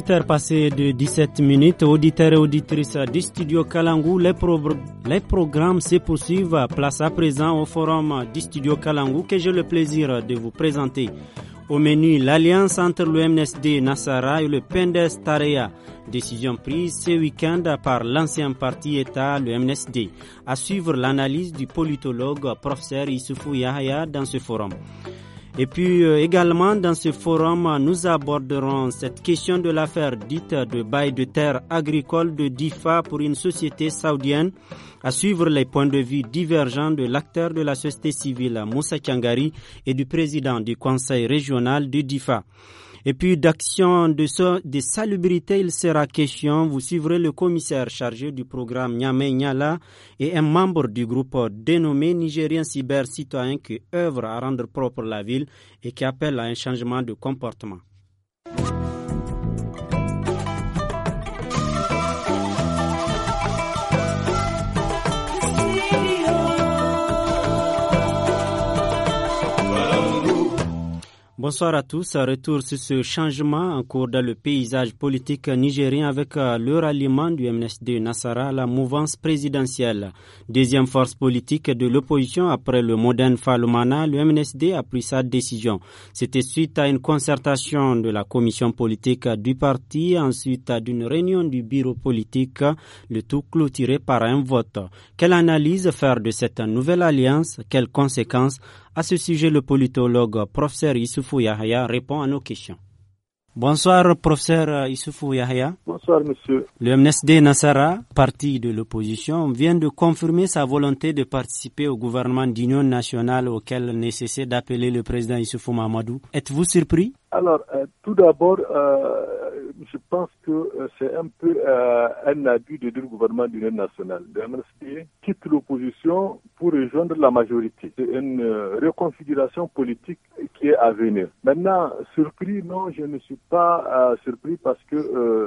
18h de 17 minutes, auditeurs et auditrices du studio Kalangou, les, programmes se poursuivent. Place à présent au forum du studio Kalangou que j'ai le plaisir de vous présenter. Au menu, l'alliance entre le MNSD Nassara et le Pendes Tarea. Décision prise ce week-end par l'ancien parti État, le MNSD. À suivre l'analyse du politologue professeur Issoufou Yahya dans ce forum. Et puis euh, également dans ce forum, nous aborderons cette question de l'affaire dite de bail de terre agricole de DIFA pour une société saoudienne. À suivre les points de vue divergents de l'acteur de la société civile Moussa Kangari et du président du conseil régional de DIFA. Et puis d'action de, de salubrité, il sera question. Vous suivrez le commissaire chargé du programme Nyame Nyala et un membre du groupe dénommé Nigérien Cyber Citoyen qui œuvre à rendre propre la ville et qui appelle à un changement de comportement. Bonsoir à tous. Retour sur ce changement en cours dans le paysage politique nigérien avec euh, le ralliement du MNSD Nassara à la mouvance présidentielle. Deuxième force politique de l'opposition après le moderne Falumana, le MNSD a pris sa décision. C'était suite à une concertation de la commission politique du parti, ensuite à d'une réunion du bureau politique, le tout clôturé par un vote. Quelle analyse faire de cette nouvelle alliance Quelles conséquences à ce sujet, le politologue professeur Issoufou Yahya répond à nos questions. Bonsoir, professeur Issoufou Yahya. Bonsoir, monsieur. Le MNSD Nassara, parti de l'opposition, vient de confirmer sa volonté de participer au gouvernement d'union nationale auquel nécessaire d'appeler le président Issoufou Mamadou. Êtes-vous surpris alors, euh, tout d'abord, euh, je pense que euh, c'est un peu un abus de dire gouvernement d'union nationale. Le quitte l'opposition pour rejoindre la majorité. C'est une reconfiguration politique qui est à venir. Maintenant, surpris, non, je ne suis pas surpris parce que,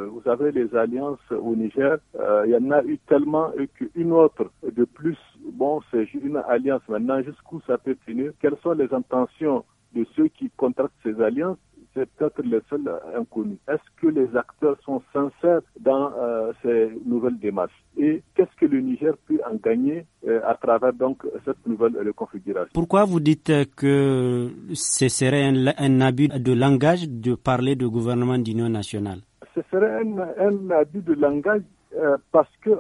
vous avez les alliances au Niger, il y en a eu tellement qu'une autre de plus, bon, c'est une alliance. Maintenant, jusqu'où ça peut tenir Quelles sont les intentions de ceux qui contractent ces alliances c'est peut-être le seul inconnu. Est-ce que les acteurs sont sincères dans euh, ces nouvelles démarches Et qu'est-ce que le Niger peut en gagner euh, à travers donc cette nouvelle reconfiguration Pourquoi vous dites que ce serait un, abus de langage de parler de gouvernement d'union nationale Ce serait un, abus de langage euh, parce que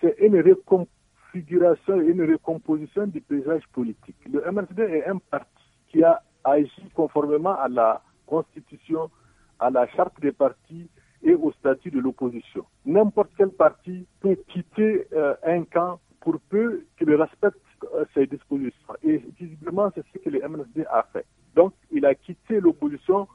c'est une reconfiguration, une recomposition du paysage politique. Le MSD est un parti qui a agi conformément à la Constitution, à la charte des partis et au statut de l'opposition. N'importe quel parti peut quitter euh, un camp pour peu qu'il respecte euh, ses dispositions. Et visiblement, c'est ce que le MNSD a fait. Donc, il a quitté l'opposition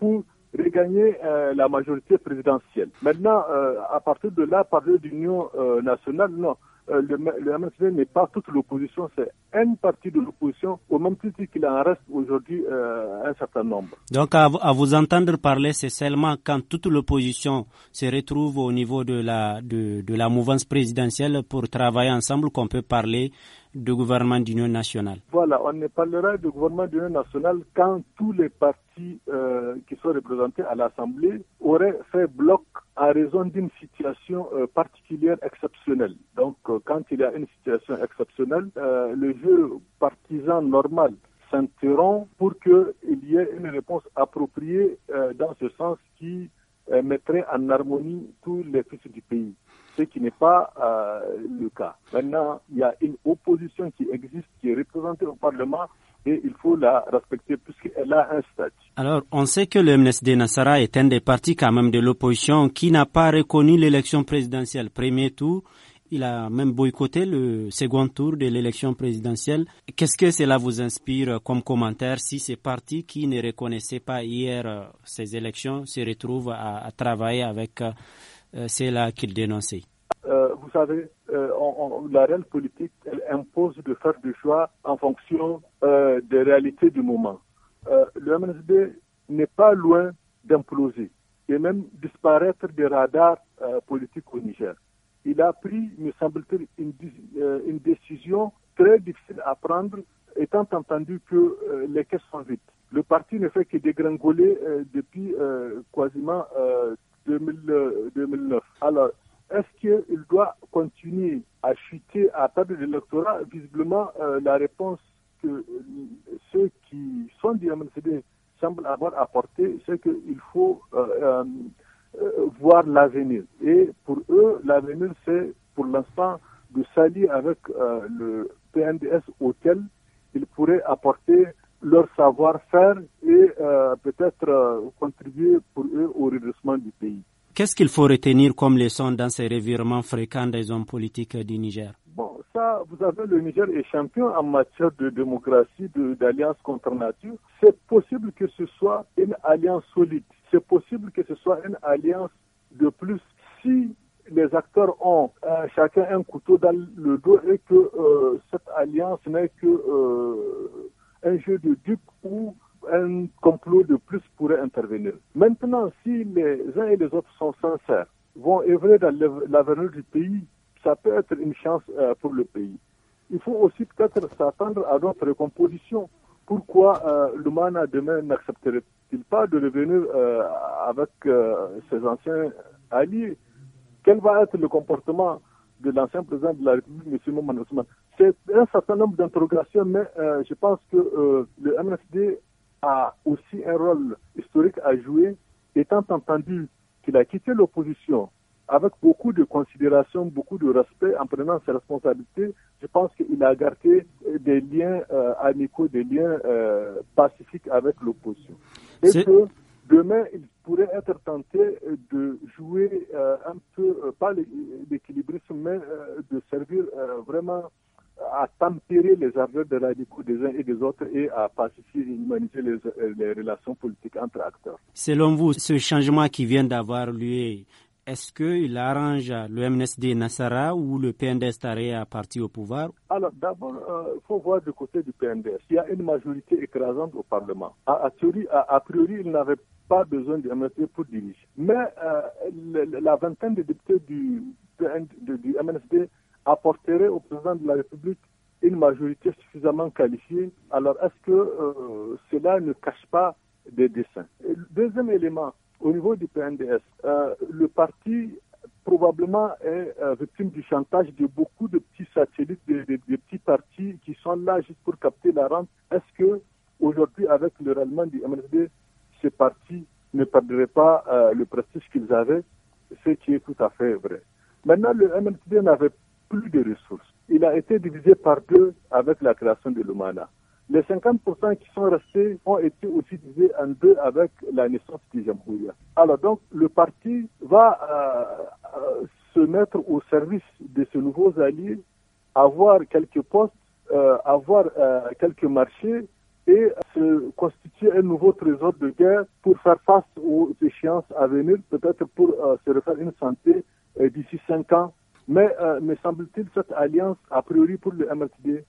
pour regagner euh, la majorité présidentielle. Maintenant, à partir de là, parler d'union nationale, non. Euh, le, MSV n'est pas toute l'opposition, c'est une partie de l'opposition, au même titre qu'il en reste aujourd'hui euh, un certain nombre. Donc, à, vous entendre parler, c'est seulement quand toute l'opposition se retrouve au niveau de la, de, la mouvance présidentielle pour travailler ensemble qu'on peut parler de gouvernement d'union nationale. Voilà, on ne parlera de gouvernement d'union nationale quand tous les partis euh, qui sont représentés à l'Assemblée auraient fait bloc à raison d'une situation euh, particulière exceptionnelle. Donc, euh, quand il y a une situation exceptionnelle, euh, le jeu partisan normal s'interrompt pour qu'il y ait une réponse appropriée dans ce sens qui mettrait en harmonie tous les fils du pays, ce qui n'est pas le cas. Maintenant, il y a une opposition qui existe, qui est représentée au Parlement, il faut la respecter puisqu'elle a un statut. Alors, on sait que le MNSD Nassara est un des partis quand même de l'opposition qui n'a pas reconnu l'élection présidentielle. Premier tour, il a même boycotté le second tour de l'élection présidentielle. Qu'est-ce que cela vous inspire comme commentaire si ces partis qui ne reconnaissaient pas hier euh, ces élections se retrouvent à, travailler avec euh, ceux-là qu'ils dénonçaient euh, vous savez, euh, la réelle politique, elle impose de faire des choix en fonction euh, des réalités du moment. le MSB n'est pas loin d'imploser et même disparaître des radars politiques au Niger. Il a pris, me semble-t-il, une, décision très difficile à prendre, étant entendu que les caisses sont vides. Le parti ne fait que dégringoler depuis quasiment 2009. Alors, est-ce qu'il doit continuer à chuter, à table de l'électorat Visiblement, euh, la réponse que euh, ceux qui sont du MNCD semblent avoir apportée, c'est qu'il faut euh, voir l'avenir. Et pour eux, l'avenir, c'est pour l'instant de s'allier avec le PNDS auquel ils pourraient apporter leur savoir-faire et peut-être contribuer pour eux au redressement du pays. Qu'est-ce qu'il faut retenir comme leçon dans ces revirements fréquents des hommes politiques du Niger Bon, ça, vous avez le Niger est champion en matière de démocratie, d'alliance contre nature. C'est possible que ce soit une alliance solide. C'est possible que ce soit une alliance de plus si les acteurs ont euh, chacun un couteau dans le dos et que euh, cette alliance n'est qu'un euh, jeu de dupes ou un complot de plus pourrait intervenir. Maintenant, si les uns et les autres sont sincères, vont œuvrer dans l'avenir du pays, ça peut être une chance euh, pour le pays. Il faut aussi peut-être s'attendre à d'autres compositions. Pourquoi euh, l'Oumana demain n'accepterait-il pas de revenir euh, avec euh, ses anciens alliés Quel va être le comportement de l'ancien président de la République, M. Ousmane C'est un certain nombre d'interrogations, mais je pense que le MSD a aussi un rôle historique à jouer, étant entendu qu'il a quitté l'opposition avec beaucoup de considération, beaucoup de respect, en prenant ses responsabilités. Je pense qu'il a gardé des liens euh, amicaux, des liens euh, pacifiques avec l'opposition. Et que demain, il pourrait être tenté de jouer euh, un peu, pas l'équilibrisme, mais de servir vraiment à tempérer les ardeurs de radicaux des uns et des autres et à pacifier et humaniser les, relations politiques entre acteurs. Selon vous, ce changement qui vient d'avoir lieu, est-ce qu'il arrange le MNSD Nassara ou le PNDS à parti au pouvoir Alors d'abord, euh, il faut voir du côté du PNDS. Il y a une majorité écrasante au Parlement. A, priori, il n'avait pas besoin du MNSD pour diriger. Mais euh, la vingtaine de députés du, du MNSD apporterait au président de la République une majorité suffisamment qualifiée. Alors, est-ce que euh, cela ne cache pas des dessins Deuxième élément, au niveau du PNDS, euh, le parti probablement est euh, victime du chantage de beaucoup de petits satellites, de, petits partis qui sont là juste pour capter la rente. Est-ce que aujourd'hui, avec le ralliement du MLD, ces partis ne perdraient pas le prestige qu'ils avaient, ce qui est tout à fait vrai. Maintenant, le MLD n'avait plus de ressources. Il a été divisé par deux avec la création de l'Umana. Les 50% qui sont restés ont été aussi divisés en deux avec la naissance du Jamhouria. Alors donc, le parti va euh, euh, se mettre au service de ses nouveaux alliés, avoir quelques postes, euh, avoir quelques marchés et se constituer un nouveau trésor de guerre pour faire face aux échéances à venir, peut-être pour se refaire une santé d'ici cinq ans mais euh, me semble-t-il, cette alliance, a priori pour le MRTD,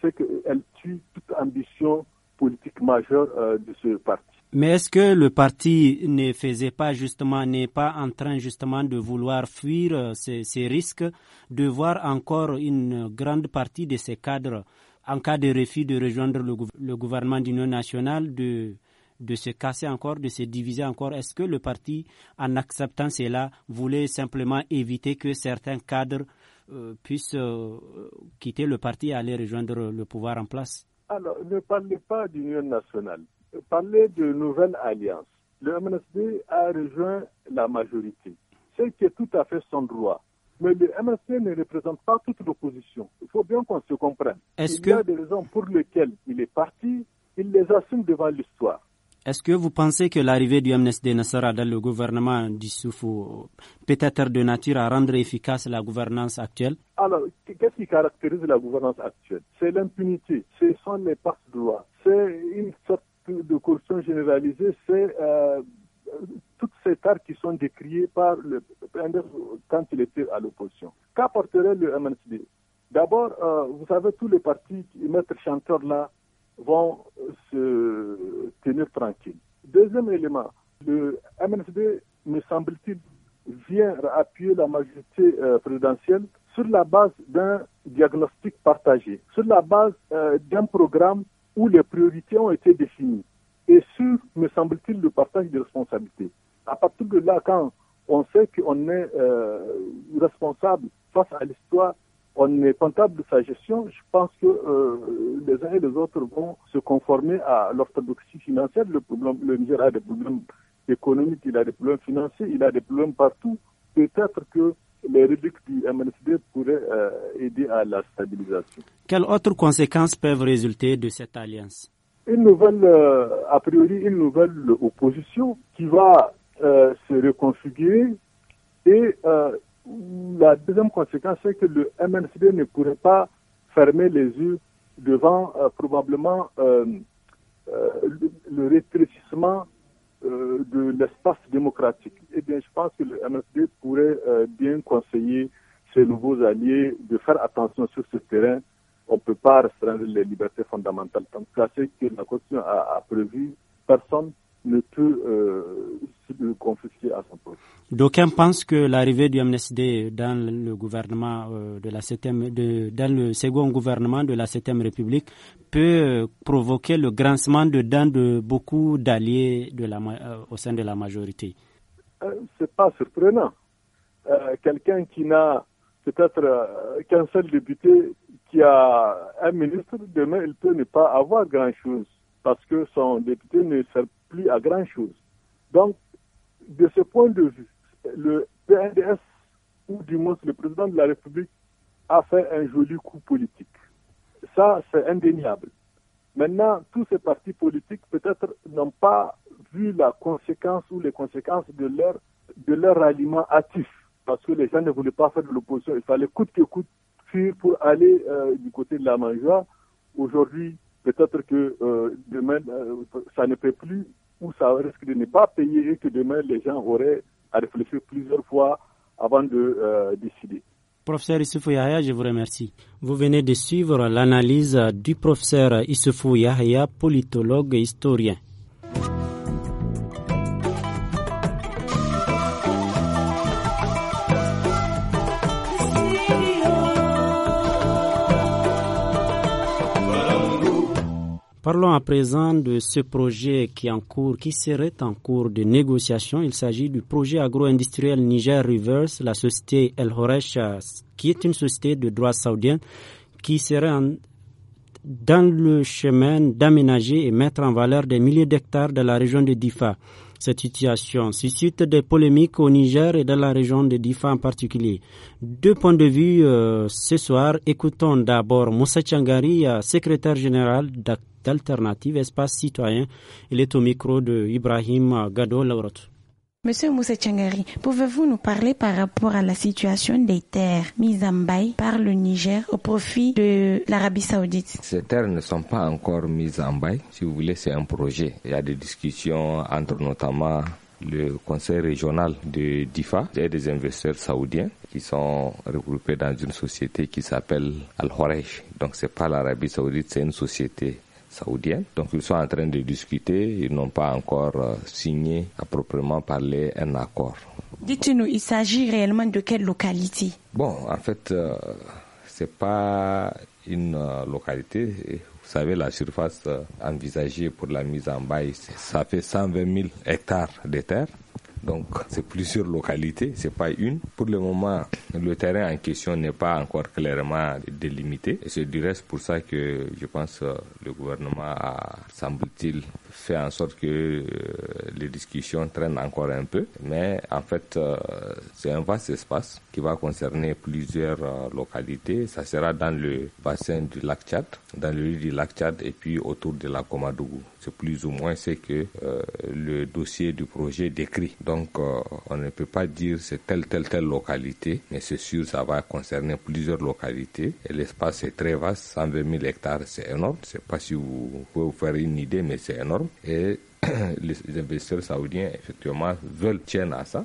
c'est qu'elle tue toute ambition politique majeure euh, de ce parti. Mais est-ce que le parti ne faisait pas justement, n'est pas en train justement de vouloir fuir euh, ces, risques, de voir encore une grande partie de ses cadres, en cas de refus de rejoindre le, le gouvernement d'union nationale, de de se casser encore, de se diviser encore Est-ce que le parti, en acceptant cela, voulait simplement éviter que certains cadres euh, puissent euh, quitter le parti et aller rejoindre le pouvoir en place Alors, ne parlez pas d'union nationale. Parlez de nouvelle alliance. Le MNSD a rejoint la majorité, ce qui est tout à fait son droit. Mais le MSD ne représente pas toute l'opposition. Il faut bien qu'on se comprenne. Est-ce il que... y a des raisons pour lesquelles il est parti, il les assume devant l'histoire. Est-ce que vous pensez que l'arrivée du MNSD sera dans le gouvernement d'Issoufou peut être de nature à rendre efficace la gouvernance actuelle Alors, qu'est-ce qui caractérise la gouvernance actuelle C'est l'impunité, ce sont les passe loi, c'est une sorte de corruption généralisée, c'est euh, toutes ces tares qui sont décriées par le quand il était à l'opposition. Qu'apporterait le MNSD D'abord, euh, vous savez, tous les partis, qui mettent chanteur là, vont se tenir tranquilles. Deuxième élément, le MNSD, me semble-t-il, vient appuyer la majorité euh, présidentielle sur la base d'un diagnostic partagé, sur la base euh, d'un programme où les priorités ont été définies et sur, me semble-t-il, le partage des responsabilités. À partir de là, quand on sait qu'on est euh, responsable face à l'histoire on est comptable de sa gestion, je pense que euh, les uns et les autres vont se conformer à l'orthodoxie financière. Le, problème, le Niger a des problèmes économiques, il a des problèmes financiers, il a des problèmes partout. Peut-être que les réductions du MNCD pourraient euh, aider à la stabilisation. Quelles autres conséquences peuvent résulter de cette alliance Une nouvelle, euh, a priori, une nouvelle opposition qui va se reconfigurer et la deuxième conséquence, c'est que le MNCD ne pourrait pas fermer les yeux devant euh, probablement euh, euh, le, rétrécissement de l'espace démocratique. Eh bien, je pense que le MNCD pourrait bien conseiller ses nouveaux alliés de faire attention sur ce terrain. On ne peut pas restreindre les libertés fondamentales. Tant que la Constitution a, a prévu, personne ne peut le confisquer à son poste. D'aucuns pensent que l'arrivée du MNSD dans le gouvernement euh, de la 7 de, dans le second gouvernement de la 7 République peut euh, provoquer le grincement de dents de beaucoup d'alliés de la, euh, au sein de la majorité. Euh, C'est pas surprenant. Quelqu'un qui n'a peut-être qu'un seul député qui a un ministre, demain, il peut ne pas avoir grand-chose parce que son député ne sert plus à grand-chose. Donc, de ce point de vue, le PNDS, ou du moins le président de la République, a fait un joli coup politique. Ça, c'est indéniable. Maintenant, tous ces partis politiques, peut-être, n'ont pas vu la conséquence ou les conséquences de leur, de leur ralliement actif, parce que les gens ne voulaient pas faire de l'opposition. Il fallait coûte que coûte fuir pour aller euh, du côté de la mangeoire. Aujourd'hui, peut-être que euh, demain, euh, ça ne peut plus où ça risque de ne pas payer et que demain les gens auraient à réfléchir plusieurs fois avant de euh, décider. Professeur Issoufou Yahya, je vous remercie. Vous venez de suivre l'analyse du professeur Issoufou Yahya, politologue et historien. Parlons à présent de ce projet qui, serait en cours de négociation. Il s'agit du projet agro-industriel Niger Rivers, la société El Horesh, qui est une société de droit saoudien qui serait dans le chemin d'aménager et mettre en valeur des milliers d'hectares de la région de Difa. Cette situation suscite des polémiques au Niger et dans la région de Difa en particulier. Deux points de vue euh, ce soir. Écoutons d'abord Moussa Changari, euh, secrétaire général d'Alternative Espace Citoyen. Il est au micro de Ibrahim Gado Laurot. Monsieur Moussa Tchangari, pouvez-vous nous parler par rapport à la situation des terres mises en bail par le Niger au profit de l'Arabie Saoudite Ces terres ne sont pas encore mises en bail. Si vous voulez, c'est un projet. Il y a des discussions entre notamment le conseil régional de DIFA et des investisseurs saoudiens qui sont regroupés dans une société qui s'appelle Al-Horej. Donc ce n'est pas l'Arabie Saoudite, c'est une société donc ils sont en train de discuter, ils n'ont pas encore euh, signé à proprement parler un accord. Dites-nous, il s'agit réellement de quelle localité Bon, en fait, euh, c'est pas une euh, localité. Vous savez, la surface envisagée pour la mise en bail, ça fait 120 000 hectares de terre. Donc, c'est plusieurs localités, c'est pas une. Pour le moment, le terrain en question n'est pas encore clairement délimité. Et c'est du reste pour ça que je pense que euh, le gouvernement a, semble-t-il, fait en sorte que euh, les discussions traînent encore un peu. Mais en fait, euh, c'est un vaste espace qui va concerner plusieurs euh, localités. Ça sera dans le bassin du lac Tchad, dans le lit du lac Tchad et puis autour de la Komadougou. C'est plus ou moins ce que le dossier du projet décrit. Donc, on ne peut pas dire c'est telle, telle, telle localité, mais c'est sûr, ça va concerner plusieurs localités. Et l'espace est très vaste, 120 000 hectares, c'est énorme. Je ne sais pas si vous pouvez vous faire une idée, mais c'est énorme et les investisseurs saoudiens, effectivement, veulent, tiennent à ça.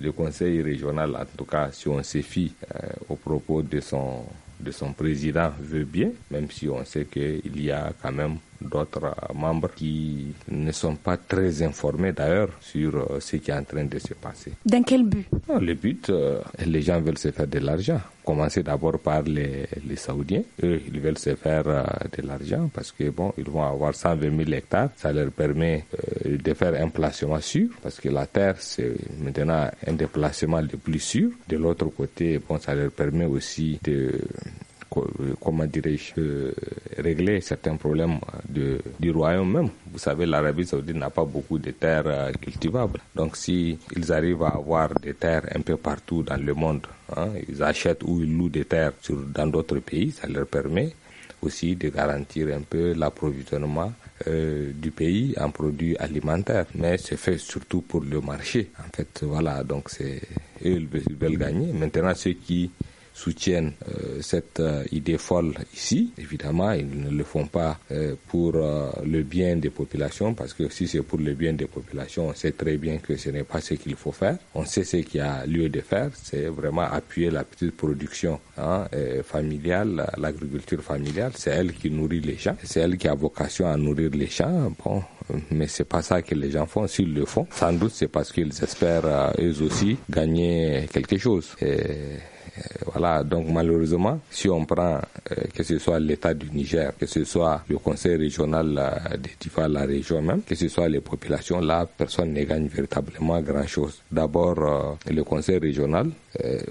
Le conseil régional, en tout cas, si on se fie euh, au propos de son, de son président, veut bien, même si on sait qu'il y a quand même d'autres membres qui ne sont pas très informés d'ailleurs sur euh, ce qui est en train de se passer. Dans quel but ah, Le but, euh, les gens veulent se faire de l'argent. Commencer d'abord par les, les, Saoudiens. Eux, ils veulent se faire euh, de l'argent parce que bon, ils vont avoir 120 000 hectares. Ça leur permet de faire un placement sûr parce que la terre, c'est maintenant un déplacement le plus sûr. De l'autre côté, bon, ça leur permet aussi de comment dirais-je, euh, régler certains problèmes de, du royaume même. Vous savez, l'Arabie saoudite n'a pas beaucoup de terres euh, cultivables. Donc si arrivent à avoir des terres un peu partout dans le monde, hein, ils achètent ou ils louent des terres sur, dans d'autres pays, ça leur permet aussi de garantir un peu l'approvisionnement euh, du pays en produits alimentaires. Mais c'est fait surtout pour le marché. En fait, voilà, donc c'est eux, ils veulent gagner. Maintenant, ceux qui soutiennent euh, cette euh, idée folle ici. Évidemment, ils ne le font pas euh, pour le bien des populations, parce que si c'est pour le bien des populations, on sait très bien que ce n'est pas ce qu'il faut faire. On sait ce qu'il y a lieu de faire, c'est vraiment appuyer la petite production hein, familiale, l'agriculture familiale. C'est elle qui nourrit les gens, c'est elle qui a vocation à nourrir les gens. Bon, mais c'est pas ça que les gens font. S'ils le font, sans doute c'est parce qu'ils espèrent euh, eux aussi gagner quelque chose. Et voilà, donc malheureusement, si on prend euh, que ce soit l'État du Niger, que ce soit le conseil régional euh, de Tifa, la région même, que ce soit les populations, là, personne ne gagne véritablement grand-chose. D'abord, le conseil régional,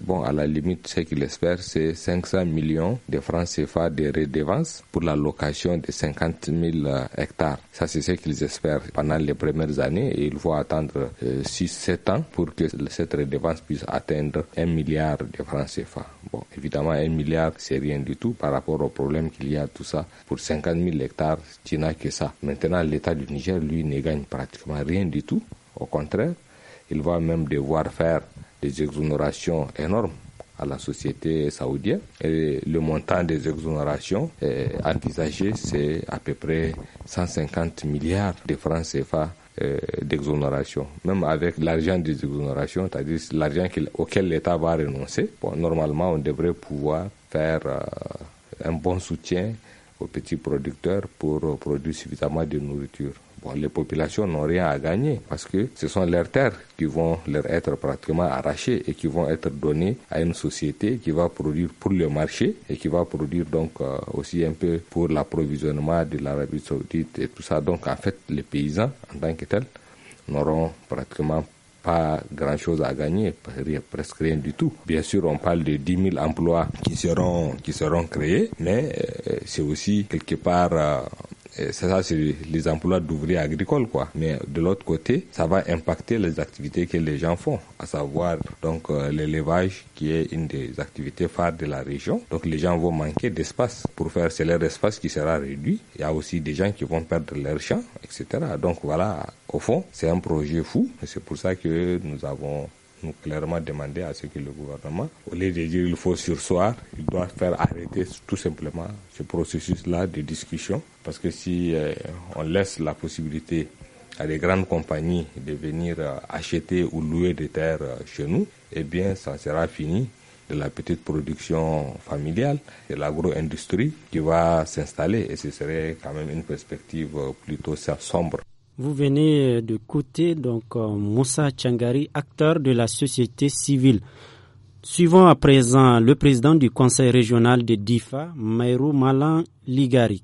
bon, à la limite, ce qu'il espère, c'est 500 millions de francs CFA de redevances pour la location de 50 000 hectares. Ça, c'est ce qu'ils espèrent j'espère, pendant les premières années. Et il faut attendre 6-7 euh, ans pour que cette redevance puisse atteindre 1 milliard de francs CFA. Bon, évidemment, 1 milliard, c'est rien du tout par rapport au problème qu'il y a, tout ça. Pour 50 000 hectares, tu n'as que ça. Maintenant, l'État du Niger, lui, ne gagne pratiquement rien du tout. Au contraire, il va même devoir faire des exonérations énormes à la société saoudienne. Et le montant des exonérations envisagées, c'est à peu près 150 milliards de francs CFA euh, d'exonération. Même avec l'argent des exonérations, c'est-à-dire l'argent auquel l'État va renoncer, normalement on devrait pouvoir faire euh, un bon soutien aux petits producteurs pour produire suffisamment de nourriture les populations n'ont rien à gagner parce que ce sont leurs terres qui vont leur être pratiquement arrachées et qui vont être données à une société qui va produire pour le marché et qui va produire donc euh, aussi un peu pour l'approvisionnement de l'Arabie saoudite et tout ça. Donc en fait, les paysans en tant que tels n'auront pratiquement pas grand-chose à gagner, presque rien du tout. Bien sûr, on parle de 10 000 emplois qui seront, qui seront créés, mais euh, c'est aussi quelque part euh, c'est ça, c'est les emplois d'ouvriers agricoles, quoi. Mais de l'autre côté, ça va impacter les activités que les gens font, à savoir donc euh, l'élevage, qui est une des activités phares de la région. Donc les gens vont manquer d'espace pour faire, c'est leur espace qui sera réduit. Il y a aussi des gens qui vont perdre leurs champs, etc. Donc voilà, au fond, c'est un projet fou. C'est pour ça que nous avons nous clairement demandé à ce que le gouvernement, au lieu de dire il faut sursoir, il doit faire arrêter tout simplement ce processus-là de discussion. Parce que si euh, on laisse la possibilité à des grandes compagnies de venir euh, acheter ou louer des terres euh, chez nous, eh bien, ça sera fini de la petite production familiale, et l'agro-industrie qui va s'installer et ce serait quand même une perspective plutôt sombre. Vous venez euh, de côté donc euh, Moussa Changari, acteur de la société civile. Suivons à présent le président du conseil régional de DIFA, Mayrou Malan Ligari.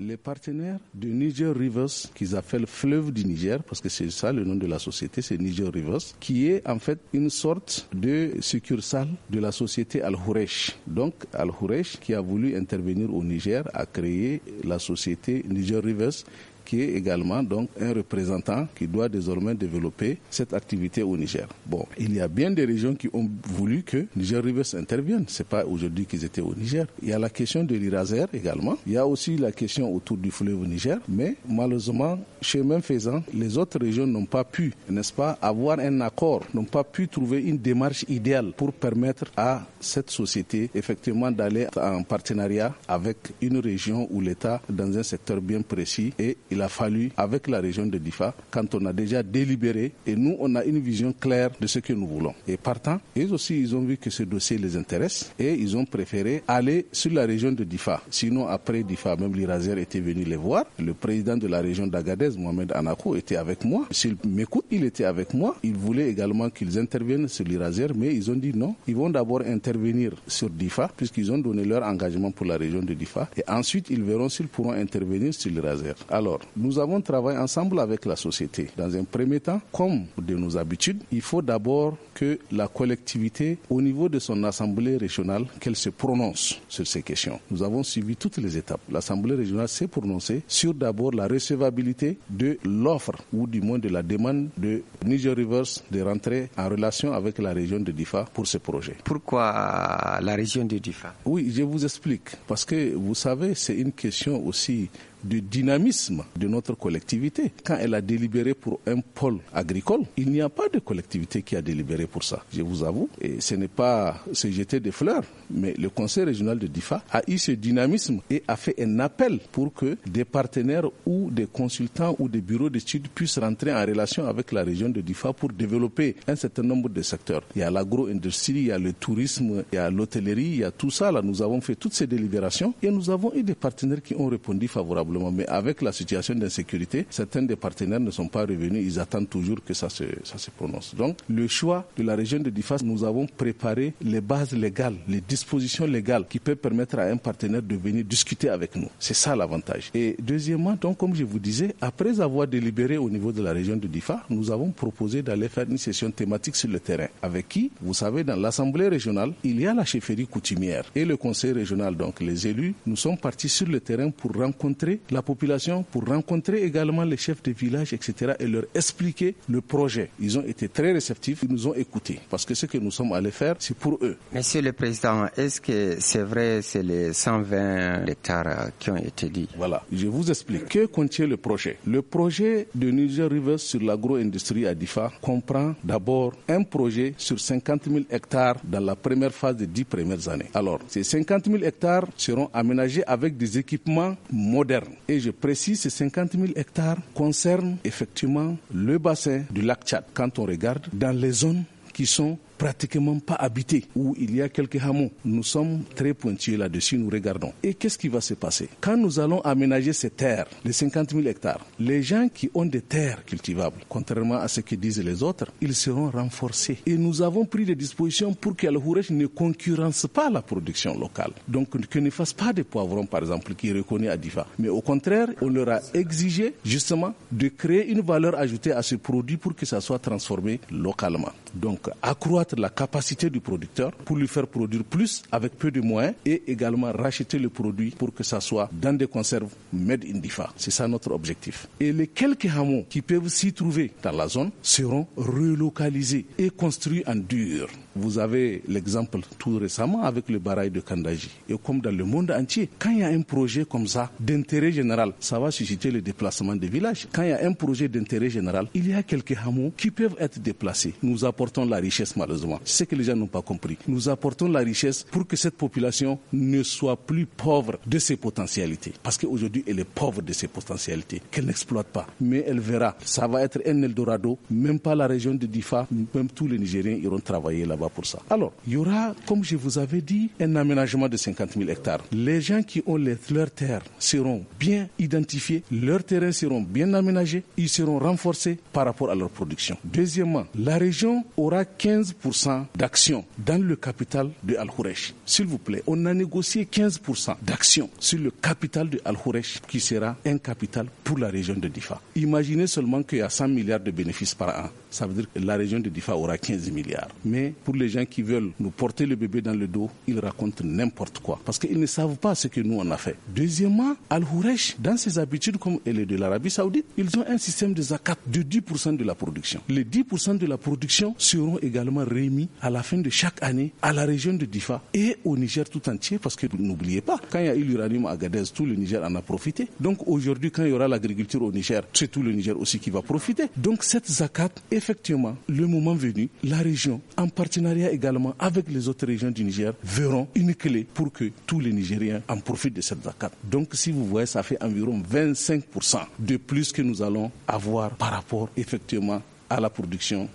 Les partenaires de Niger Rivers, qu'ils appellent fleuve du Niger, parce que c'est ça le nom de la société, c'est Niger Rivers, qui est en fait une sorte de succursale de la société al houresh Donc al houresh qui a voulu intervenir au Niger, a créé la société Niger Rivers, qui est également donc un représentant qui doit désormais développer cette activité au Niger. Bon, il y a bien des régions qui ont voulu que Niger Rivers intervienne. C'est pas aujourd'hui qu'ils étaient au Niger. Il y a la question de l'Iraser également. Il y a aussi la question autour du fleuve Niger. Mais malheureusement, chemin faisant, les autres régions n'ont pas pu, n'est-ce pas, avoir un accord, n'ont pas pu trouver une démarche idéale pour permettre à cette société effectivement d'aller en partenariat avec une région ou l'État dans un secteur bien précis et il a fallu, avec la région de Difa, quand on a déjà délibéré, et nous, on a une vision claire de ce que nous voulons. Et partant, eux aussi, ils ont vu que ce dossier les intéresse et ils ont préféré aller sur la région de Difa. Sinon, après Difa, même l'Irazer était venu les voir. Le président de la région d'Agadez, Mohamed Anakou, était avec moi. S'il m'écoute, il était avec moi. Il voulait également qu'ils interviennent sur l'Irazer, mais ils ont dit non. Ils vont d'abord intervenir sur Difa, puisqu'ils ont donné leur engagement pour la région de Difa. Et ensuite, ils verront s'ils pourront intervenir sur l'Irazer. Alors, nous avons travaillé ensemble avec la société. Dans un premier temps, comme de nos habitudes, il faut d'abord que la collectivité, au niveau de son assemblée régionale, qu'elle se prononce sur ces questions. Nous avons suivi toutes les étapes. L'assemblée régionale s'est prononcée sur d'abord la recevabilité de l'offre ou du moins de la demande de Niger Rivers de rentrer en relation avec la région de Difa pour ce projet. Pourquoi la région de Difa Oui, je vous explique. Parce que vous savez, c'est une question aussi de dynamisme de notre collectivité. Quand elle a délibéré pour un pôle agricole, il n'y a pas de collectivité qui a délibéré pour ça, je vous avoue. Et ce n'est pas se jeter des fleurs, mais le Conseil régional de DIFA a eu ce dynamisme et a fait un appel pour que des partenaires ou des consultants ou des bureaux d'études puissent rentrer en relation avec la région de DIFA pour développer un certain nombre de secteurs. Il y a l'agro-industrie, il y a le tourisme, il y a l'hôtellerie, il y a tout ça. Là, nous avons fait toutes ces délibérations et nous avons eu des partenaires qui ont répondu favorablement mais avec la situation d'insécurité, certains des partenaires ne sont pas revenus. Ils attendent toujours que ça se, ça se prononce. Donc, le choix de la région de Difa, nous avons préparé les bases légales, les dispositions légales qui peuvent permettre à un partenaire de venir discuter avec nous. C'est ça l'avantage. Et deuxièmement, donc, comme je vous disais, après avoir délibéré au niveau de la région de Difa, nous avons proposé d'aller faire une session thématique sur le terrain. Avec qui Vous savez, dans l'Assemblée régionale, il y a la chefferie coutumière et le Conseil régional. Donc, les élus, nous sommes partis sur le terrain pour rencontrer la population pour rencontrer également les chefs de village, etc. et leur expliquer le projet. Ils ont été très réceptifs, ils nous ont écoutés parce que ce que nous sommes allés faire, c'est pour eux. Monsieur le Président, est-ce que c'est vrai, c'est les 120 hectares qui ont été dit Voilà, je vous explique. Que contient le projet Le projet de Niger River sur l'agro-industrie à Difa comprend d'abord un projet sur 50 000 hectares dans la première phase des 10 premières années. Alors, ces 50 000 hectares seront aménagés avec des équipements modernes et je précise, ces 50 000 hectares concernent effectivement le bassin du lac Tchad. Quand on regarde dans les zones qui sont pratiquement pas habité, où il y a quelques hameaux. Nous sommes très pointus là-dessus, nous regardons. Et qu'est-ce qui va se passer Quand nous allons aménager ces terres, les 50 000 hectares, les gens qui ont des terres cultivables, contrairement à ce que disent les autres, ils seront renforcés. Et nous avons pris des dispositions pour que le ne concurrence pas la production locale. Donc, que ne fasse pas des poivrons, par exemple, qui reconnaît Adifa. Mais au contraire, on leur a exigé, justement, de créer une valeur ajoutée à ce produit pour que ça soit transformé localement. Donc, accroître la capacité du producteur pour lui faire produire plus avec peu de moyens et également racheter le produit pour que ça soit dans des conserves made in DIFA. C'est ça notre objectif. Et les quelques hameaux qui peuvent s'y trouver dans la zone seront relocalisés et construits en dur. Vous avez l'exemple tout récemment avec le barail de Kandaji. Et comme dans le monde entier, quand il y a un projet comme ça d'intérêt général, ça va susciter le déplacement des villages. Quand il y a un projet d'intérêt général, il y a quelques hameaux qui peuvent être déplacés. Nous apportons la richesse malheureusement. C'est ce que les gens n'ont pas compris. Nous apportons la richesse pour que cette population ne soit plus pauvre de ses potentialités. Parce qu'aujourd'hui, elle est pauvre de ses potentialités, qu'elle n'exploite pas. Mais elle verra, ça va être un Eldorado, même pas la région de Difa, même tous les Nigériens iront travailler là-bas pour ça. Alors, il y aura, comme je vous avais dit, un aménagement de 50 000 hectares. Les gens qui ont leurs terres seront bien identifiés, leurs terrains seront bien aménagés, ils seront renforcés par rapport à leur production. Deuxièmement, la région aura 15% d'actions dans le capital de al khouresh S'il vous plaît, on a négocié 15% d'actions sur le capital de al khouresh qui sera un capital pour la région de Difa. Imaginez seulement qu'il y a 100 milliards de bénéfices par an ça veut dire que la région de Difa aura 15 milliards. Mais pour les gens qui veulent nous porter le bébé dans le dos, ils racontent n'importe quoi parce qu'ils ne savent pas ce que nous on a fait. Deuxièmement, Al-Houresh, dans ses habitudes comme elle est de l'Arabie Saoudite, ils ont un système de zakat de 10% de la production. Les 10% de la production seront également remis à la fin de chaque année à la région de Difa et au Niger tout entier parce que n'oubliez pas, quand il y a eu l'uranium à Gadez, tout le Niger en a profité. Donc aujourd'hui, quand il y aura l'agriculture au Niger, c'est tout le Niger aussi qui va profiter. Donc cette zakat est effectivement, le moment venu, la région, en partenariat également avec les autres régions du Niger, verront une clé pour que tous les Nigériens en profitent de cette zakat. Donc, si vous voyez, ça fait environ 25% de plus que nous allons avoir par rapport, effectivement, à la production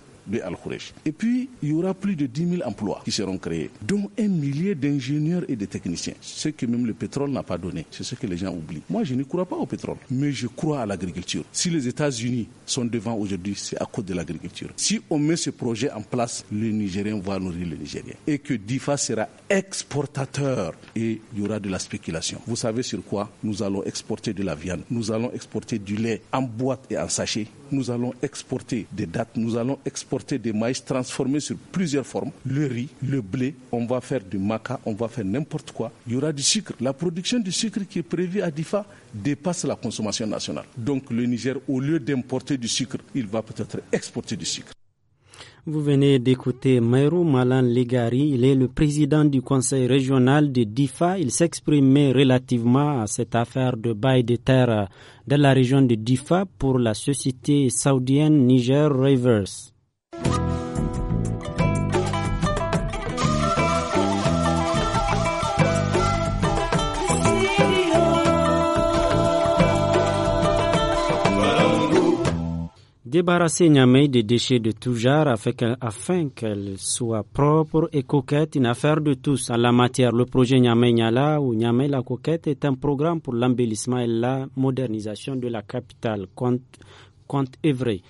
et puis, il y aura plus de 10 000 emplois qui seront créés, dont un millier d'ingénieurs et de techniciens. Ce que même le pétrole n'a pas donné, c'est ce que les gens oublient. Moi, je ne crois pas au pétrole, mais je crois à l'agriculture. Si les États-Unis sont devant aujourd'hui, c'est à cause de l'agriculture. Si on met ce projet en place, le Nigérien va nourrir le Nigérien. Et que DIFA sera exportateur et il y aura de la spéculation. Vous savez sur quoi Nous allons exporter de la viande, nous allons exporter du lait en boîte et en sachet nous allons exporter des dates, nous allons exporter des maïs transformés sur plusieurs formes, le riz, le blé, on va faire du maca, on va faire n'importe quoi. Il y aura du sucre. La production du sucre qui est prévue à DIFA dépasse la consommation nationale. Donc le Niger, au lieu d'importer du sucre, il va peut-être exporter du sucre. Vous venez d'écouter Mayrou Malan Legari. Il est le président du conseil régional de DIFA. Il s'exprimait relativement à cette affaire de bail de terre dans la région de DIFA pour la société saoudienne Niger Rivers. Débarrasser Niamey des déchets de tout genre afin qu'elle soit propre et coquette, une affaire de tous. En la matière, le projet Niamey Niala ou Niamey la coquette est un programme pour l'embellissement et la modernisation de la capitale, compte, compte vrai.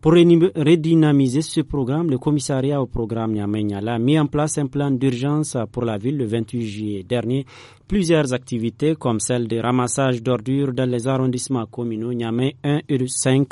Pour redynamiser ce programme, le commissariat au programme niamey a mis en place un plan d'urgence pour la ville le 28 juillet dernier. Plusieurs activités comme celle de ramassage d'ordures dans les arrondissements communaux Niamey 1 et 5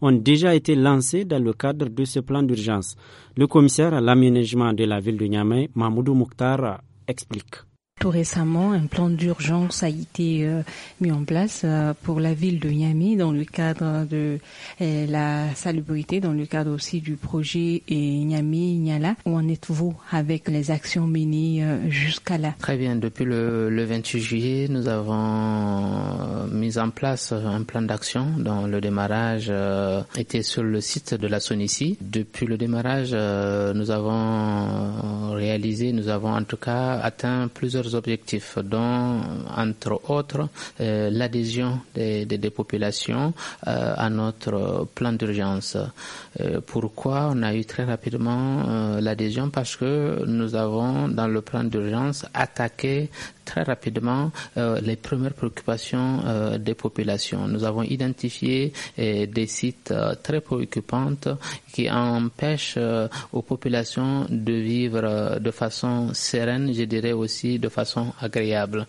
ont déjà été lancées dans le cadre de ce plan d'urgence. Le commissaire à l'aménagement de la ville de Niamey, Mahmoudou Mouktar, explique tout récemment, un plan d'urgence a été euh, mis en place euh, pour la ville de Niamey dans le cadre de euh, la salubrité, dans le cadre aussi du projet Niamey-Niala. Où en êtes-vous avec les actions menées jusqu'à là Très bien. Depuis le, 28 juillet, nous avons mis en place un plan d'action dont le démarrage était sur le site de la Sonici. Depuis le démarrage, nous avons réalisé, nous avons en tout cas atteint plusieurs objectifs, dont, entre autres, euh, l'adhésion des, populations euh, à notre plan d'urgence. Euh, pourquoi on a eu très rapidement l'adhésion Parce que nous avons, dans le plan d'urgence, attaqué très rapidement les premières préoccupations des populations. Nous avons identifié des sites très préoccupants qui empêchent aux populations de vivre de façon sereine, je dirais aussi de façon agréable.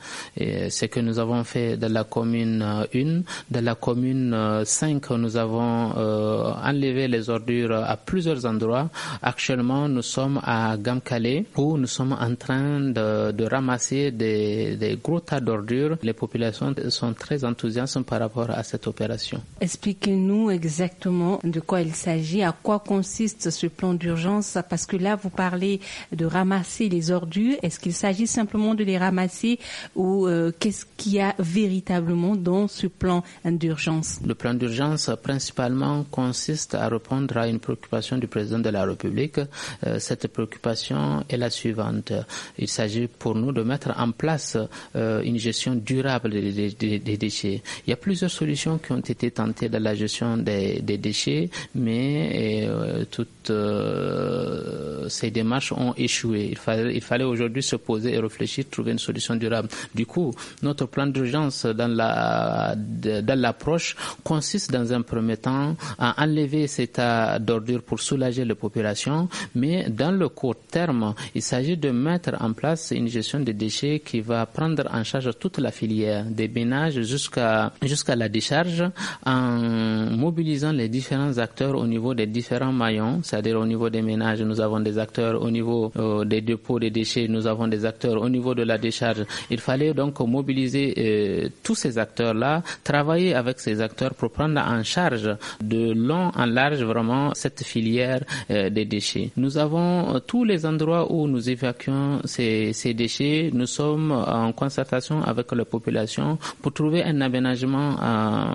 C'est que nous avons fait de la commune 1, euh, de la commune 5, euh, nous avons euh, enlevé les ordures à plusieurs endroits. Actuellement, nous sommes à Gamkale où nous sommes en train de, ramasser des, des, gros tas d'ordures. Les populations sont très enthousiastes par rapport à cette opération. Expliquez-nous exactement de quoi il s'agit, à quoi consiste ce plan d'urgence, parce que là, vous parlez de ramasser les ordures. Est-ce qu'il s'agit simplement de les ramasser ou euh, qu'est-ce qu'il y a véritablement dans ce plan d'urgence Le plan d'urgence principalement consiste à répondre à une préoccupation du président de la République. Euh, cette préoccupation est la suivante. Il s'agit pour nous de mettre en place euh, une gestion durable des, déchets. Il y a plusieurs solutions qui ont été tentées dans la gestion des, déchets, mais toutes ces démarches ont échoué. il fallait aujourd'hui se poser et réfléchir trouver une solution durable. Du coup, notre plan d'urgence dans la dans l'approche consiste dans un premier temps à enlever cet état d'ordure pour soulager les populations, mais dans le court terme, il s'agit de mettre en place une gestion des déchets qui va prendre en charge toute la filière, des ménages jusqu'à jusqu'à la décharge, en mobilisant les différents acteurs au niveau des différents maillons, c'est-à-dire au niveau des ménages, nous avons des acteurs, au niveau euh, des dépôts des déchets, nous avons des acteurs, au niveau de la décharge. Il fallait donc mobiliser euh, tous ces acteurs-là, travailler avec ces acteurs pour prendre en charge de long en large vraiment cette filière euh, des déchets. Nous avons euh, tous les endroits où nous évacuons ces, ces déchets. Nous sommes en concertation avec la population pour trouver un aménagement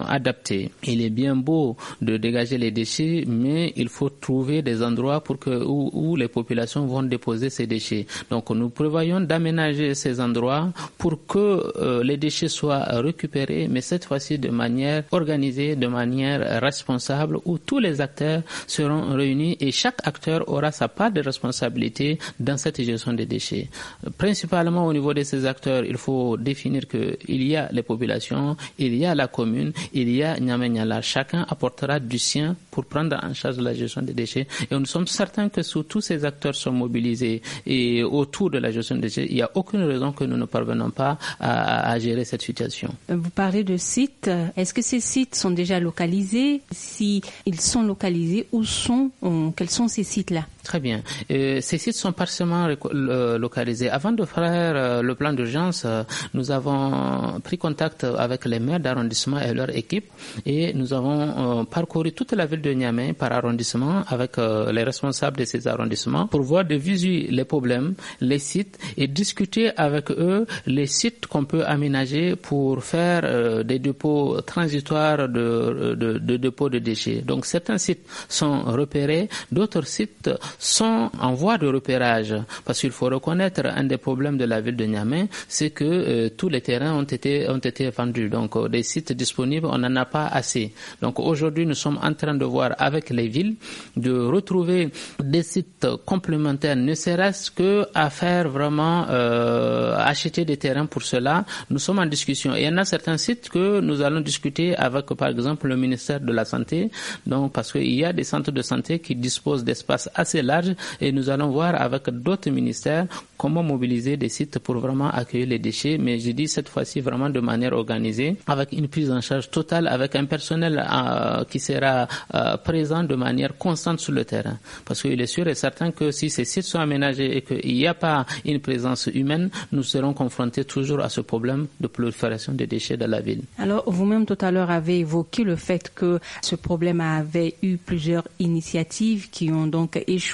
adapté. Il est bien beau de dégager les déchets, mais il faut trouver des endroits pour que où les populations vont déposer ces déchets. Donc nous prévoyons d'aménager ces endroits pour que euh, les déchets soient récupérés, mais cette fois-ci de manière organisée, de manière responsable, où tous les acteurs seront réunis et chaque acteur aura sa part de responsabilité dans cette gestion des déchets. Principalement au niveau de ces acteurs, il faut définir qu'il y a les populations, il y a la commune, il y a Nyala. Chacun apportera du sien pour prendre en charge la gestion des déchets. Et nous sommes certains que sous tous ces acteurs sont mobilisés et autour de la gestion des déchets, il n'y a aucune raison que nous ne parvenons pas à, gérer cette situation. Vous parlez de sites. Est-ce que ces sites sont déjà localisés Si ils sont localisés, où sont, euh, quels sont ces sites-là Très bien. Euh, ces sites sont partiellement euh, localisés. Avant de faire euh, le plan d'urgence, nous avons pris contact avec les maires d'arrondissement et leur équipe et nous avons parcouru toute la ville de Niamey par arrondissement avec les responsables de ces arrondissements pour voir de visu les problèmes, les sites et discuter avec eux les sites qu'on peut aménager pour faire des dépôts transitoires de, de, de dépôts de déchets. Donc certains sites sont repérés, d'autres sites sont en voie de repérage. Parce qu'il faut reconnaître un des problèmes de la ville de Niamey, c'est que euh, tous les terrains ont été, ont été vendus. Donc, euh, des sites disponibles, on n'en a pas assez. Donc, aujourd'hui, nous sommes en train de voir avec les villes de retrouver des sites complémentaires, ne serait-ce que à faire vraiment euh, acheter des terrains pour cela. Nous sommes en discussion. Et il y en a certains sites que nous allons discuter avec, par exemple, le ministère de la Santé. Donc, parce qu'il y a des centres de santé qui disposent d'espaces assez large et nous allons voir avec d'autres ministères comment mobiliser des sites pour vraiment accueillir les déchets. Mais je dis cette fois-ci vraiment de manière organisée, avec une prise en charge totale, avec un personnel euh, qui sera euh, présent de manière constante sur le terrain. Parce qu'il est sûr et certain que si ces sites sont aménagés et qu'il n'y a pas une présence humaine, nous serons confrontés toujours à ce problème de prolifération des déchets dans la ville. Alors, vous-même tout à l'heure avez évoqué le fait que ce problème avait eu plusieurs initiatives qui ont donc échoué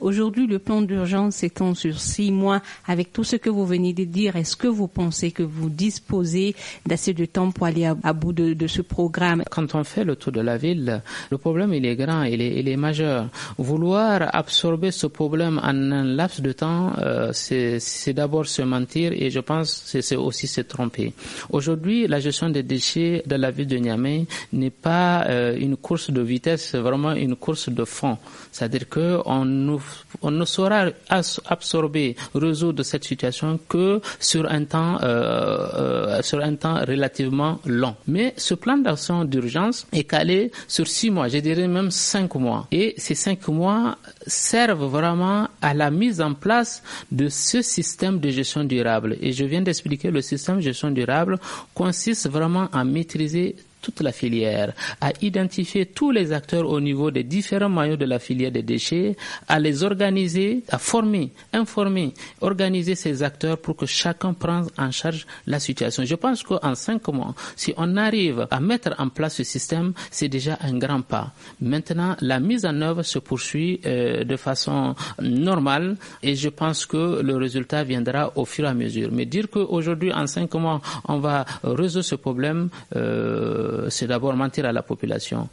Aujourd'hui, le plan d'urgence s'étend sur six mois. Avec tout ce que vous venez de dire, est-ce que vous pensez que vous disposez d'assez de temps pour aller à, bout de, ce programme Quand on fait le tour de la ville, le problème, il est grand, il est, il majeur. Vouloir absorber ce problème en un laps de temps, euh, c'est d'abord se mentir et je pense que c'est aussi se tromper. Aujourd'hui, la gestion des déchets de la ville de Niamey n'est pas euh, une course de vitesse, c'est vraiment une course de fond. C'est-à-dire qu'on ne, on ne saura absorber, résoudre cette situation que sur un temps, euh, euh, sur un temps relativement long. Mais ce plan d'action d'urgence est calé sur six mois, je dirais même cinq mois. Et ces cinq mois servent vraiment à la mise en place de ce système de gestion durable. Et je viens d'expliquer, le système de gestion durable consiste vraiment à maîtriser toute la filière, à identifier tous les acteurs au niveau des différents maillots de la filière des déchets, à les organiser, à former, informer, organiser ces acteurs pour que chacun prenne en charge la situation. Je pense qu'en cinq mois, si on arrive à mettre en place ce système, c'est déjà un grand pas. Maintenant, la mise en œuvre se poursuit euh, de façon normale et je pense que le résultat viendra au fur et à mesure. Mais dire qu'aujourd'hui, en cinq mois, on va résoudre ce problème, euh, euh, c'est d'abord mentir à la population.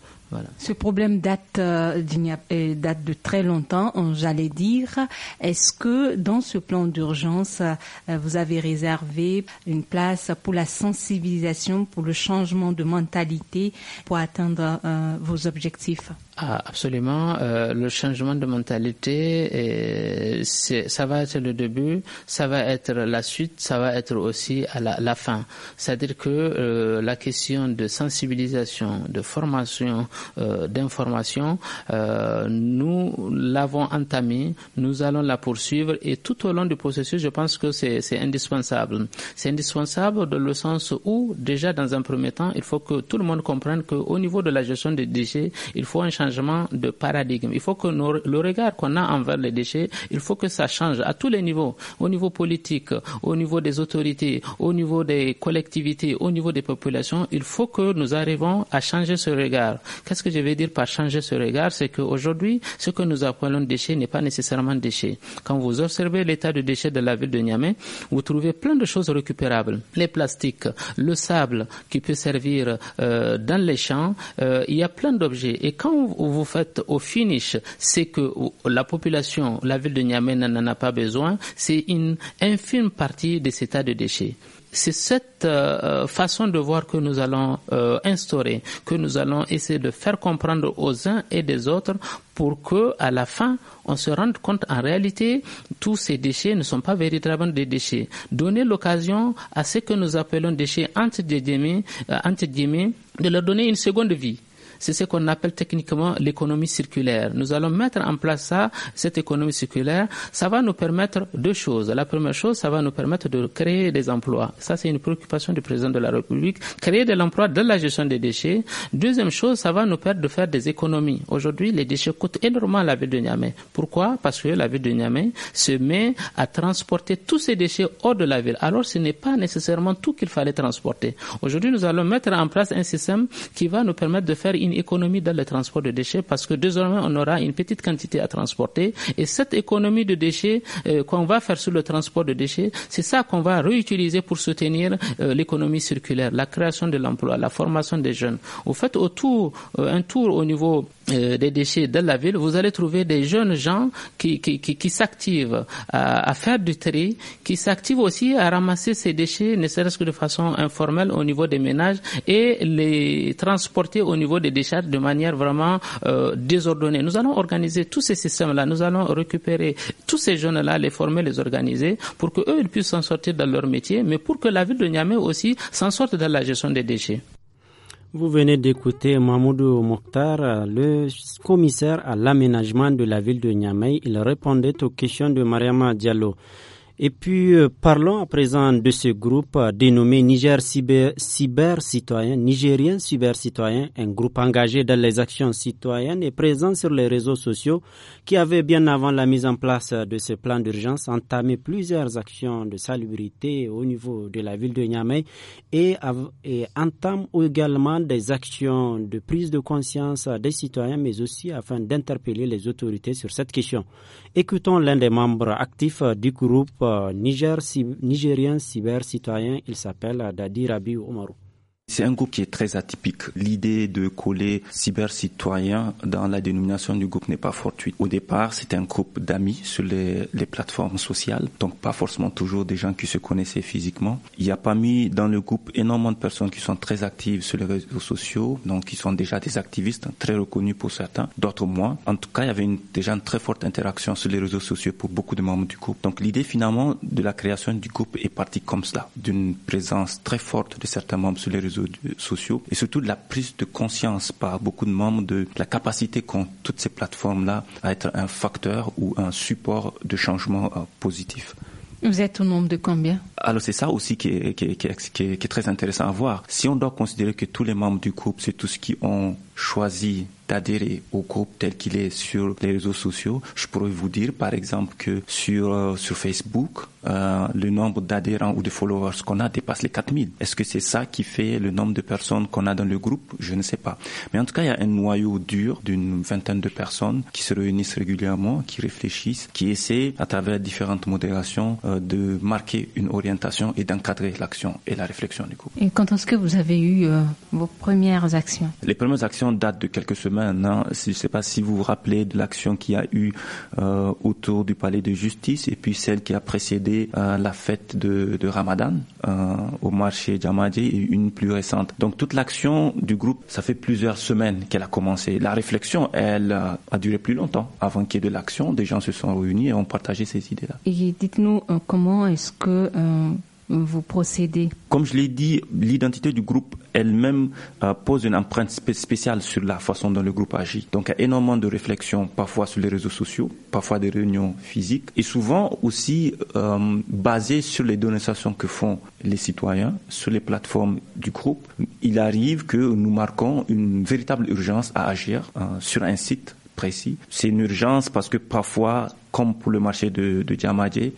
Ce problème euh, euh, date, de très longtemps, hein, j'allais dire. Est-ce que dans ce plan d'urgence, vous avez réservé une place pour la sensibilisation, pour le changement de mentalité, pour atteindre vos objectifs ah, absolument. Euh, le changement de mentalité, et ça va être le début, ça va être la suite, ça va être aussi à la, fin. C'est-à-dire que euh, la question de sensibilisation, de formation, euh, d'information, nous l'avons entamée, nous allons la poursuivre et tout au long du processus, je pense que c'est indispensable. C'est indispensable dans le sens où, déjà dans un premier temps, il faut que tout le monde comprenne qu'au niveau de la gestion des déchets, il faut un changement changement de paradigme. Il faut que le regard qu'on a envers les déchets, il faut que ça change à tous les niveaux, au niveau politique, au niveau des autorités, au niveau des collectivités, au niveau des populations. Il faut que nous arrivons à changer ce regard. Qu'est-ce que je veux dire par changer ce regard C'est qu'aujourd'hui, ce que nous appelons déchets n'est pas nécessairement déchets. Quand vous observez l'état de déchets de la ville de Niamey, vous trouvez plein de choses récupérables. Les plastiques, le sable qui peut servir euh, dans les champs, euh, il y a plein d'objets. Et quand vous faites au finish, c'est que la population, la ville de Niamey n'en a pas besoin, c'est une infime partie de cet état de déchets. C'est cette euh, façon de voir que nous allons euh, instaurer, que nous allons essayer de faire comprendre aux uns et des autres pour que, à la fin, on se rende compte en réalité, tous ces déchets ne sont pas véritablement des déchets. Donner l'occasion à ce que nous appelons déchets « démi euh, de leur donner une seconde vie c'est ce qu'on appelle techniquement l'économie circulaire. Nous allons mettre en place ça, cette économie circulaire. Ça va nous permettre deux choses. La première chose, ça va nous permettre de créer des emplois. Ça, c'est une préoccupation du président de la République. Créer de l'emploi dans la gestion des déchets. Deuxième chose, ça va nous permettre de faire des économies. Aujourd'hui, les déchets coûtent énormément à la ville de Niamey. Pourquoi Parce que la ville de Niamey se met à transporter tous ces déchets hors de la ville. Alors, ce n'est pas nécessairement tout qu'il fallait transporter. Aujourd'hui, nous allons mettre en place un système qui va nous permettre de faire une économie dans le transport de déchets parce que désormais, on aura une petite quantité à transporter. Et cette économie de déchets euh, qu'on va faire sur le transport de déchets, c'est ça qu'on va réutiliser pour soutenir euh, l'économie circulaire, la création de l'emploi, la formation des jeunes. Au fait, euh, un tour au niveau euh, des déchets de la ville, vous allez trouver des jeunes gens qui, qui, qui, s'activent à, faire du tri, qui s'activent aussi à ramasser ces déchets, ne serait-ce que de façon informelle au niveau des ménages et les transporter au niveau des déchets de manière vraiment euh, désordonnée. Nous allons organiser tous ces systèmes-là, nous allons récupérer tous ces jeunes-là, les former, les organiser pour que eux ils puissent s'en sortir dans leur métier, mais pour que la ville de Niamey aussi s'en sorte dans la gestion des déchets. Vous venez d'écouter Mahmoud Mokhtar, le commissaire à l'aménagement de la ville de Niamey. Il répondait aux questions de Mariama Diallo. Et puis euh, parlons à présent de ce groupe euh, dénommé Niger Cyber, Citoyen, Nigérien Cyber Citoyen, un groupe engagé dans les actions citoyennes et présent sur les réseaux sociaux qui avait bien avant la mise en place de ce plan d'urgence entamé plusieurs actions de salubrité au niveau de la ville de Niamey et, entame également des actions de prise de conscience des citoyens, mais aussi afin d'interpeller les autorités sur cette question. Écoutons l'un des membres actifs du groupe euh, Niger, Nigérien Cyber Citoyen, il s'appelle Dadi Rabi Omarou. C'est un groupe qui est très atypique. L'idée de coller cyber dans la dénomination du groupe n'est pas fortuite. Au départ, c'était un groupe d'amis sur les, plateformes sociales, donc pas forcément toujours des gens qui se connaissaient physiquement. Il n'y a pas mis dans le groupe énormément de personnes qui sont très actives sur les réseaux sociaux, donc qui sont déjà des activistes, très reconnus pour certains, d'autres moins. En tout cas, il y avait une, déjà une très forte interaction sur les réseaux sociaux pour beaucoup de membres du groupe. Donc l'idée finalement de la création du groupe est partie comme cela, d'une présence très forte de certains membres sur les réseaux sociaux, et surtout de la prise de conscience par beaucoup de membres de la capacité qu'ont toutes ces plateformes-là à être un facteur ou un support de changement euh, positif. Vous êtes au nombre de combien Alors c'est ça aussi qui est, qui est, très intéressant à voir. Si on doit considérer que tous les membres du groupe, c'est tous ceux qui ont choisi adhérer au groupe tel qu'il est sur les réseaux sociaux. Je pourrais vous dire, par exemple, que sur, euh, sur Facebook, euh, le nombre d'adhérents ou de followers qu'on a dépasse les 4000. Est-ce que c'est ça qui fait le nombre de personnes qu'on a dans le groupe Je ne sais pas. Mais en tout cas, il y a un noyau dur d'une vingtaine de personnes qui se réunissent régulièrement, qui réfléchissent, qui essaient, à travers différentes modérations, euh, de marquer une orientation et d'encadrer l'action et la réflexion du groupe. Et quand est-ce que vous avez eu vos premières actions Les premières actions datent de quelques semaines je ne sais pas si vous vous rappelez de l'action qu'il y a eu euh, autour du palais de justice et puis celle qui a précédé euh, la fête de, Ramadan euh, au marché Djamadi et une plus récente. Donc toute l'action du groupe, ça fait plusieurs semaines qu'elle a commencé. La réflexion, elle a duré plus longtemps avant qu'il y ait de l'action. Des gens se sont réunis et ont partagé ces idées-là. Et dites-nous comment est-ce que vous procédez Comme je l'ai dit, l'identité du groupe elle-même euh, pose une empreinte spéciale sur la façon dont le groupe agit. Donc il y a énormément de réflexions, parfois sur les réseaux sociaux, parfois des réunions physiques, et souvent aussi euh, basées sur les donations que font les citoyens sur les plateformes du groupe. Il arrive que nous marquons une véritable urgence à agir euh, sur un site précis. C'est une urgence parce que parfois comme pour le marché de, de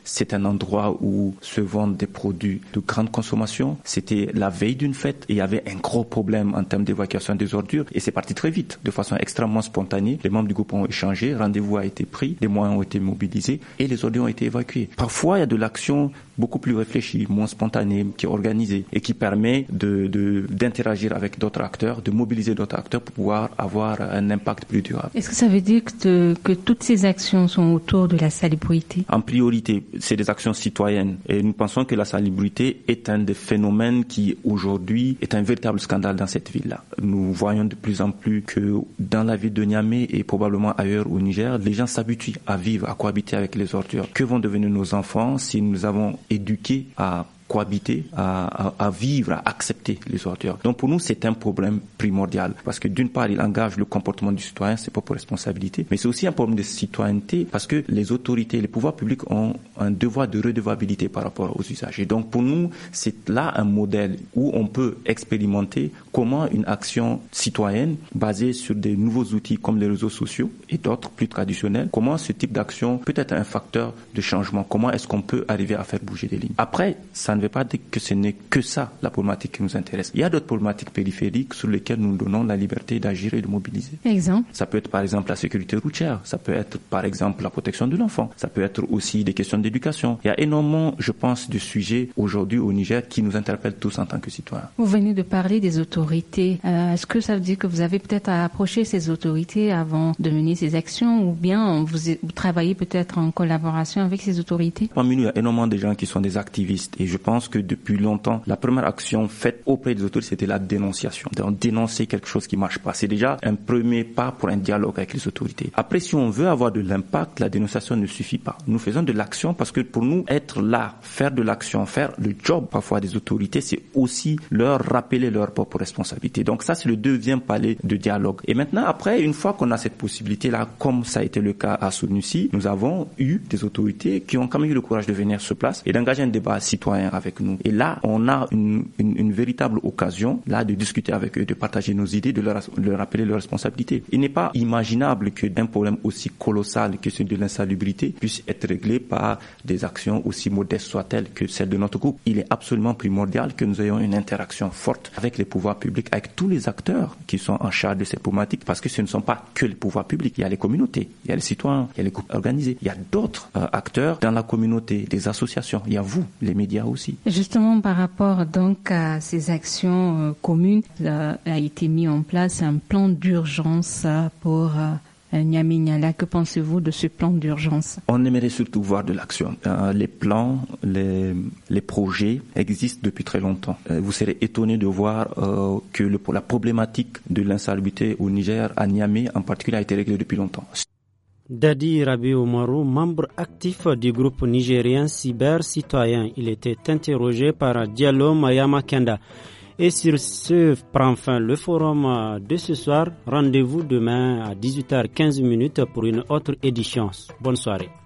c'est un endroit où se vendent des produits de grande consommation. C'était la veille d'une fête et il y avait un gros problème en termes d'évacuation des ordures et c'est parti très vite, de façon extrêmement spontanée. Les membres du groupe ont échangé, rendez-vous a été pris, les moyens ont été mobilisés et les ordures ont été évacuées. Parfois, il y a de l'action beaucoup plus réfléchie, moins spontanée, qui est organisée et qui permet de, d'interagir avec d'autres acteurs, de mobiliser d'autres acteurs pour pouvoir avoir un impact plus durable. Est-ce que ça veut dire que, que toutes ces actions sont autour de la salubrité En priorité, c'est des actions citoyennes. Et nous pensons que la salubrité est un des phénomènes qui, aujourd'hui, est un véritable scandale dans cette ville-là. Nous voyons de plus en plus que dans la ville de Niamey et probablement ailleurs au Niger, les gens s'habituent à vivre, à cohabiter avec les ordures. Que vont devenir nos enfants si nous avons éduqué à habiter à, vivre, à accepter les auteurs. Donc pour nous, c'est un problème primordial parce que d'une part, il engage le comportement du citoyen, ses propres responsabilités, mais c'est aussi un problème de citoyenneté parce que les autorités, les pouvoirs publics ont un devoir de redevabilité par rapport aux usagers. Donc pour nous, c'est là un modèle où on peut expérimenter comment une action citoyenne basée sur des nouveaux outils comme les réseaux sociaux et d'autres plus traditionnels, comment ce type d'action peut être un facteur de changement, comment est-ce qu'on peut arriver à faire bouger des lignes. Après, ça ne pas dire que ce n'est que ça la problématique qui nous intéresse. Il y a d'autres problématiques périphériques sur lesquelles nous donnons la liberté d'agir et de mobiliser. Exemple. Ça peut être par exemple la sécurité routière, ça peut être par exemple la protection de l'enfant, ça peut être aussi des questions d'éducation. Il y a énormément, je pense, de sujets aujourd'hui au Niger qui nous interpellent tous en tant que citoyens. Vous venez de parler des autorités. Euh, est-ce que ça veut dire que vous avez peut-être à approcher ces autorités avant de mener ces actions ou bien vous, vous travaillez peut-être en collaboration avec ces autorités Parmi nous, il y a énormément de gens qui sont des activistes et je je pense que depuis longtemps, la première action faite auprès des autorités, c'était la dénonciation. dénoncer quelque chose qui marche pas. C'est déjà un premier pas pour un dialogue avec les autorités. Après, si on veut avoir de l'impact, la dénonciation ne suffit pas. Nous faisons de l'action parce que pour nous, être là, faire de l'action, faire le job parfois des autorités, c'est aussi leur rappeler leur propre responsabilité. Donc ça, c'est le deuxième palais de dialogue. Et maintenant, après, une fois qu'on a cette possibilité-là, comme ça a été le cas à Sounussi, nous avons eu des autorités qui ont quand même eu le courage de venir sur place et d'engager un débat citoyen avec nous. Et là, on a une, véritable occasion là de discuter avec eux, de partager nos idées, de leur, leur rappeler leurs responsabilités. Il n'est pas imaginable que d'un problème aussi colossal que celui de l'insalubrité puisse être réglé par des actions aussi modestes soient-elles que celles de notre groupe. Il est absolument primordial que nous ayons une interaction forte avec les pouvoirs publics, avec tous les acteurs qui sont en charge de cette problématique, parce que ce ne sont pas que les pouvoirs publics, il y a les communautés, il y a les citoyens, il y a les groupes organisés, il y a d'autres euh, acteurs dans la communauté, des associations, il y a vous, les médias aussi. Justement, par rapport donc à ces actions euh, communes, euh, a été mis en place un plan d'urgence euh, pour Niamey-Niala. Que pensez-vous de ce plan d'urgence On aimerait surtout voir de l'action. les plans, les, projets existent depuis très longtemps. vous serez étonné de voir que la problématique de l'insalubrité au Niger, à Niamey en particulier, a été réglée depuis longtemps. Dadi Rabi Oumarou, membre actif du groupe nigérien Cyber Citoyen, il était interrogé par Diallo Kenda. Et sur ce prend fin le forum de ce soir. Rendez-vous demain à 18h15 pour une autre édition. Bonne soirée.